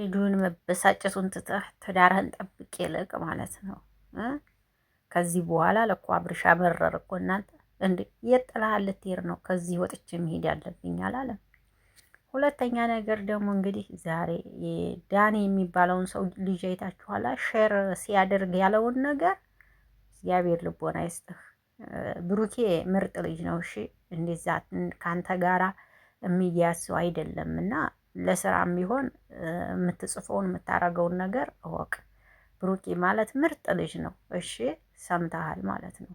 ልጁን መበሳጨቱን ትተህ ትዳርህን ጠብቅ ይልቅ ማለት ነው። ከዚህ በኋላ ለኮ አብርሻ አመረር እኮ እናንተ እንደ የት ጥላሃል ልትሄድ ነው? ከዚህ ወጥቼ መሄድ ያለብኝ አላለም። ሁለተኛ ነገር ደግሞ እንግዲህ ዛሬ ዳኔ የሚባለውን ሰው ልጅ አይታችኋላ? ሼር ሲያደርግ ያለውን ነገር እግዚአብሔር ልቦና ይስጥህ። ብሩኬ ምርጥ ልጅ ነው። እሺ እንደዛ ከአንተ ጋራ የሚያስው አይደለም እና ለስራም ቢሆን የምትጽፈውን የምታረገውን ነገር እወቅ። ብሩኬ ማለት ምርጥ ልጅ ነው። እሺ ሰምተሃል ማለት ነው።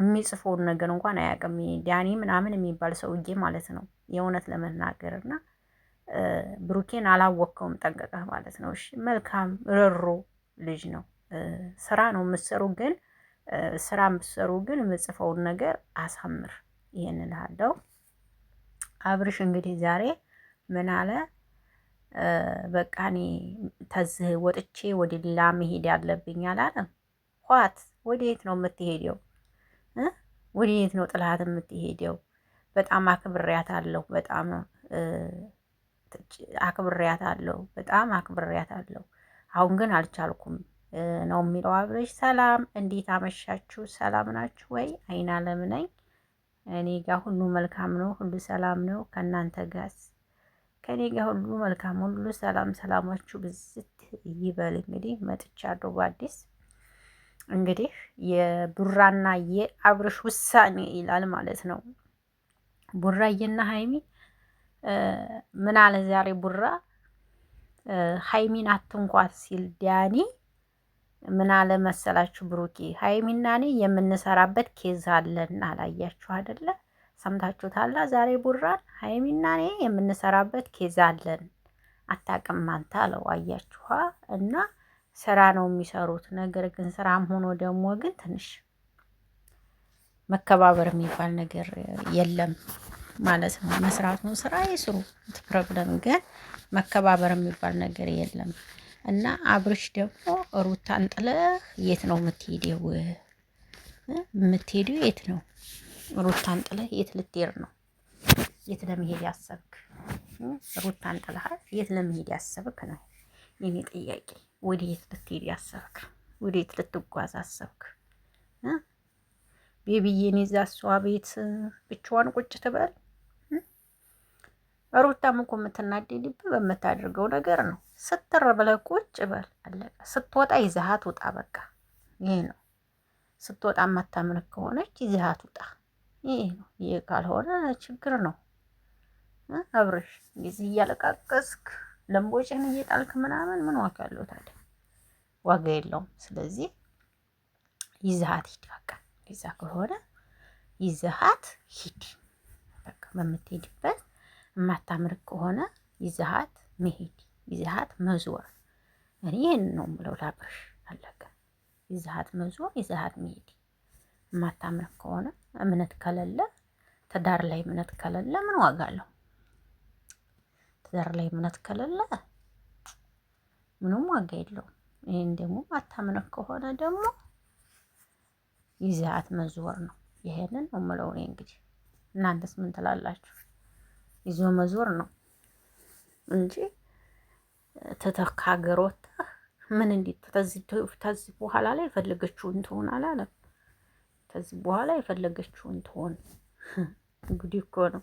የሚጽፈውን ነገር እንኳን አያውቅም ዳኒ ምናምን የሚባል ሰውዬ ማለት ነው። የእውነት ለመናገር እና ብሩኬን አላወቅከውም ጠንቀቀህ ማለት ነው። እሺ መልካም ርሮ ልጅ ነው። ስራ ነው የምትሰሩ፣ ግን ስራ የምትሰሩ ግን የምጽፈውን ነገር አሳምር። ይህንን አለው አብርሽ እንግዲህ ዛሬ ምን አለ በቃ እኔ ተዝህ ወጥቼ ወደ ሌላ መሄድ ያለብኝ አላለም። ኋት ወደየት ነው የምትሄደው? ወደየት ነው ጥላት የምትሄደው? በጣም አክብሬያታለሁ። በጣም አክብሬያታለሁ። በጣም አክብሬያታለሁ። አሁን ግን አልቻልኩም ነው የሚለው አብረሽ። ሰላም እንዴት አመሻችሁ? ሰላም ናችሁ ወይ? አይን ነኝ። እኔ ጋር ሁሉ መልካም ነው፣ ሁሉ ሰላም ነው። ከእናንተ ጋርስ ከኔ ጋር ሁሉ መልካም ሁሉ ሰላም፣ ሰላማችሁ ብዝት ይበል። እንግዲህ መጥቻለሁ በአዲስ እንግዲህ የቡራና የአብርሽ ውሳኔ ይላል ማለት ነው። ቡራዬና ሀይሚ ምን አለ ዛሬ ቡራ ሀይሚን አትንኳት ሲል ዳኒ ምን አለ መሰላችሁ? ብሩኬ ሀይሚና እኔ የምንሰራበት ኬዝ አለን አላያችሁ አደለ? ሰምታችሁታላ። ዛሬ ቡራን ሀይሚና እኔ የምንሰራበት ኬዝ አለን አታቅም አንተ አለው። አያችኋ እና ስራ ነው የሚሰሩት። ነገር ግን ስራም ሆኖ ደግሞ ግን ትንሽ መከባበር የሚባል ነገር የለም ማለት ነው። መስራት ነው ስራ ይስሩ፣ ፕሮብለም ግን መከባበር የሚባል ነገር የለም እና አብርሽ ደግሞ ሩታን ጥለህ የት ነው የምትሄደው? የምትሄደው የት ነው? ሩታን ጥለህ የት ልትሄድ ነው? የት ለመሄድ ያሰብክ? ሩታን ጥለሃል፣ የት ለመሄድ ያሰብክ ነው የኔ ጥያቄ። ወደ የት ልትሄድ ያሰብክ? ወደ የት ልትጓዝ አሰብክ? ቤቢዬ እኔ እዛ እሷ ቤት ብቻዋን ቁጭ ትበል። ሩታም እኮ የምትናደድብህ በምታደርገው ነገር ነው። ስትር ብለህ ቁጭ በል አለቀ። ስትወጣ ይዘሃት ውጣ። በቃ ይሄ ነው። ስትወጣ የማታምንህ ከሆነች ይዘሃት ውጣ። ይህ ነው። ይህ ካልሆነ ችግር ነው። አብረሽ እንደዚህ እያለቃቀስክ ለምቦጭህን እየጣልክ ምናምን ምን ዋጋ አለው ታዲያ? ዋጋ የለውም። ስለዚህ ይዘሃት ሂድ። በቃ ይዛ ከሆነ ይዘሃት ሂድ። በቃ በምትሄድበት የማታምር ከሆነ ይዘሃት መሄድ፣ ይዘሃት መዞር። እኔ ይህን ነው የምለው ላብርሽ። አለቀ። ይዘሃት መዞር፣ ይዘሃት መሄድ። የማታምር ከሆነ እምነት ከሌለ ትዳር ላይ እምነት ከሌለ ምን ዋጋ አለው? ትዳር ላይ እምነት ከሌለ ምንም ዋጋ የለውም። ይህን ደግሞ አታምነት ከሆነ ደግሞ ይዛት መዞር ነው። ይሄንን ነው የምለው እኔ። እንግዲህ እናንተስ ምን ትላላችሁ? ይዞ መዞር ነው እንጂ ትተህ ከሀገር ወጥተህ ምን እንዲህ ተዚህ በኋላ ላይ የፈለገችውን ትሆን አላለም። ከዚህ በኋላ የፈለገችውን ትሆን። እንግዲህ እኮ ነው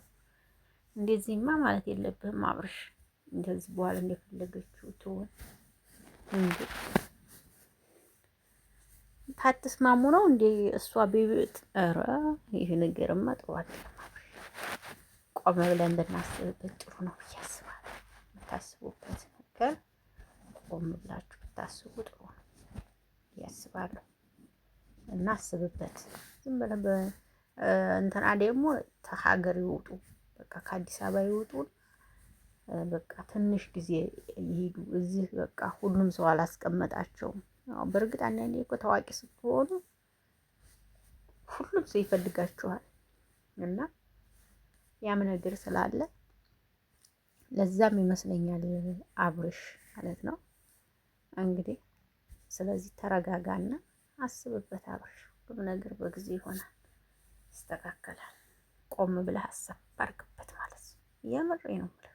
እንደዚህማ ማለት የለብህም አብርሽ። ከዚህ በኋላ እንደፈለገችው ትሆን እንጂ ታትስማሙ ነው እንዴ? እሷ ቤቢት ኧረ ይህ ነገርማ ጥሩ አይደለም። ቆመ ብለን ብናስብበት ጥሩ ነው ብዬ አስባለሁ። የምታስቡበት ነገር ቆም ብላችሁ ብታስቡ ጥሩ ነው ብዬ አስባለሁ። እና አስብበት። ዝም ብለህ እንትና ደግሞ ተሀገር ይወጡ በቃ ከአዲስ አበባ ይወጡ። በቃ ትንሽ ጊዜ ይሄዱ። እዚህ በቃ ሁሉም ሰው አላስቀመጣቸውም። በእርግጥ አንዳንዴ እኮ ታዋቂ ስትሆኑ ሁሉም ሰው ይፈልጋችኋል እና ያም ነገር ስላለ ለዛም ይመስለኛል አብርሽ ማለት ነው እንግዲህ። ስለዚህ ተረጋጋና አስብበት አብርሽ። ሁሉም ነገር በጊዜ ይሆናል፣ ይስተካከላል። ቆም ብለህ ሀሳብ አድርግበት ማለት ነው። የምሬ ነው የምልህ።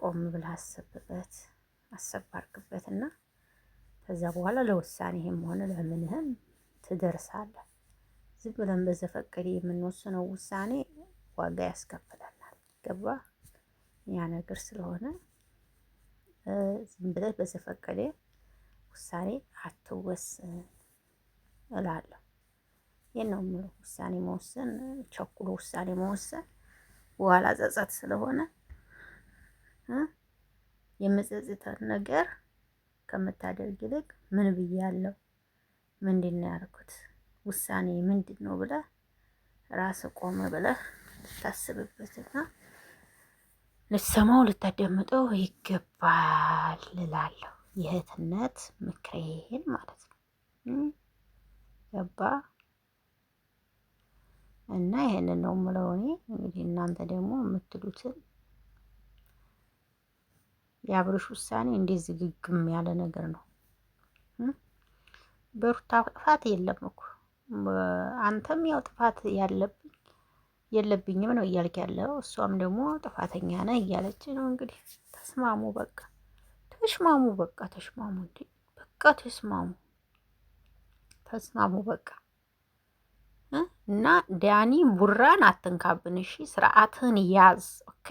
ቆም ብለህ አሰብበት ሀሳብ አድርግበት እና ከዛ በኋላ ለውሳኔህም ሆነ ለምንህም ትደርሳለህ። ዝም ብለን በዘፈቀደ የምንወስነው ውሳኔ ዋጋ ያስከፍለናል። ገባ ያ ነገር ስለሆነ ዝም ብለህ በዘፈቀደ ውሳኔ አትወስን እላለሁ። ይህን ነው የምለው። ውሳኔ መወሰን ቸኩሎ ውሳኔ መወሰን በኋላ ጸጸት ስለሆነ የምጸጽተን ነገር ከምታደርግ ይልቅ ምን ብያለሁ፣ ምንድን ነው ያልኩት፣ ውሳኔ ምንድን ነው ብለህ ራስ ቆመ ብለህ ልታስብበትና ልትሰማው ልታደምጠው ይገባል እላለሁ። የእህትነት ምክሬን ማለት ነው። ገባ እና ይህንን ነው የምለው እኔ እንግዲህ እናንተ ደግሞ የምትሉትን የአብርሽ ውሳኔ እንዴት ዝግግም ያለ ነገር ነው። በሩታ ጥፋት የለም እኮ አንተም ያው ጥፋት ያለብኝ የለብኝም ነው እያልክ ያለው እሷም ደግሞ ጥፋተኛ ነህ እያለች ነው። እንግዲህ ተስማሙ በቃ። ተስማሙ በቃ ተስማሙ እንዴ በቃ ተስማሙ፣ ተስማሙ በቃ እና ዳኒ ቡራን አትንካብን፣ እሺ ስርዓትህን ያዝ ኦኬ።